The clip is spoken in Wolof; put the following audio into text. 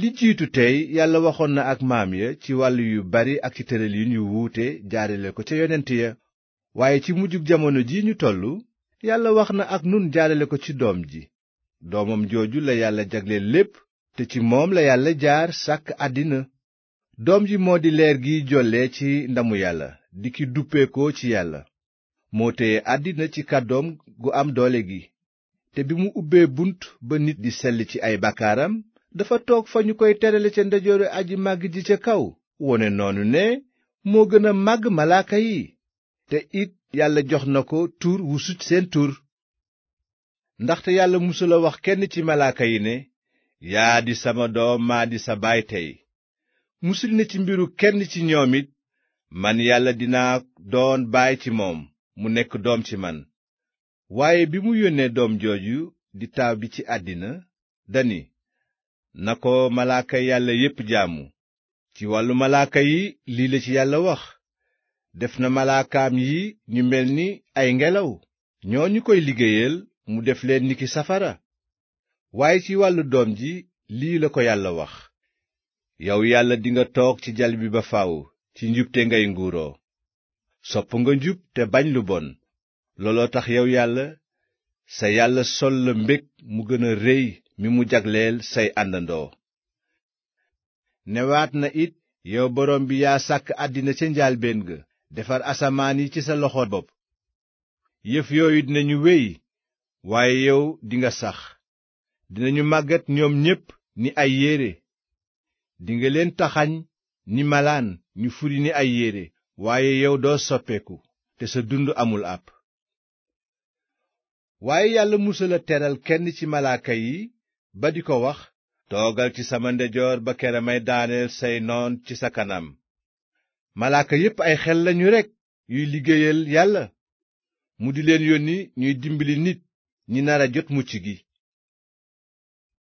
li jiitu tey yàlla waxoon na ak maam ya ci wàll yu bari ak ci tëralin yu wuute jaarale ko ca yonent ya waaye ci mujjug jamono ji ñu tollu yàlla wax na ak nun jaarale ko ci doom ji doomam jooju la yàlla jagleel lépp te ci moom la yàlla jaar sàkk àddina doom ji moo di leer giy jolle ci ndamu yàlla di ki duppeekoo ci yàlla moo téye àddina ci kàddoom gu am doole gi te bi mu ubbee bunt ba nit di sell ci ay bakkaaram dafa toog fa ñu koy terale ca ndeyjooru aji màgg di ca kaw wone noonu ne moo gën a màgg malaaka yi te it yàlla jox na ko tur wu sut seen tur ndaxte yàlla musula wax kenn ci malaaka yi ne yaa di sama doom maa di sa baay tey musul na ci mbiru kenn ci ñoom it man yàlla dinaa doon baay ci moom mu nekk doom ci man waaye bi mu yónnee doom jooju di taaw bi ci àddina dani na ko malaaka yàlla yépp jaamu ci wàllu malaaka yi lii la ci yàlla wax def na malaakaam yi ñu mel ni ay ngelaw ñoo ñu koy liggéeyal mu def leen niki safara waaye ci wàllu doom ji lii la ko yàlla wax yow yàlla dinga toog ci jal bi ba faw ci njubte ngay nguuroo sopp nga njub te bañ lu bon looloo tax yow yàlla sa yàlla sol la mbég mu gën a réy mi mu jagleel say àndandoo newaat na it yow borom bi yaa sàkk àddina ca njaalbéen ga defar asamaan yi ci sa loxo bopp yëf yooyu dinañu wéy waaye yow dinga sax dina ñu màggat ñoom ñépp ni ay yére dinga leen taxañ ni malaan ñu furi ni ay yére waaye yow doo soppeeku te sa dund amul àpp waaye yàlla musal teral kenn ci malaaka yi ba di ko wax toogal ci sama ndeyjoor ba kere may daaneel say noon ci sa kanam malaaka yépp ay xel lañu rekk yuy liggéeyal yàlla mu di leen yónni ñuy dimbali nit ñi nar a jot mucc gi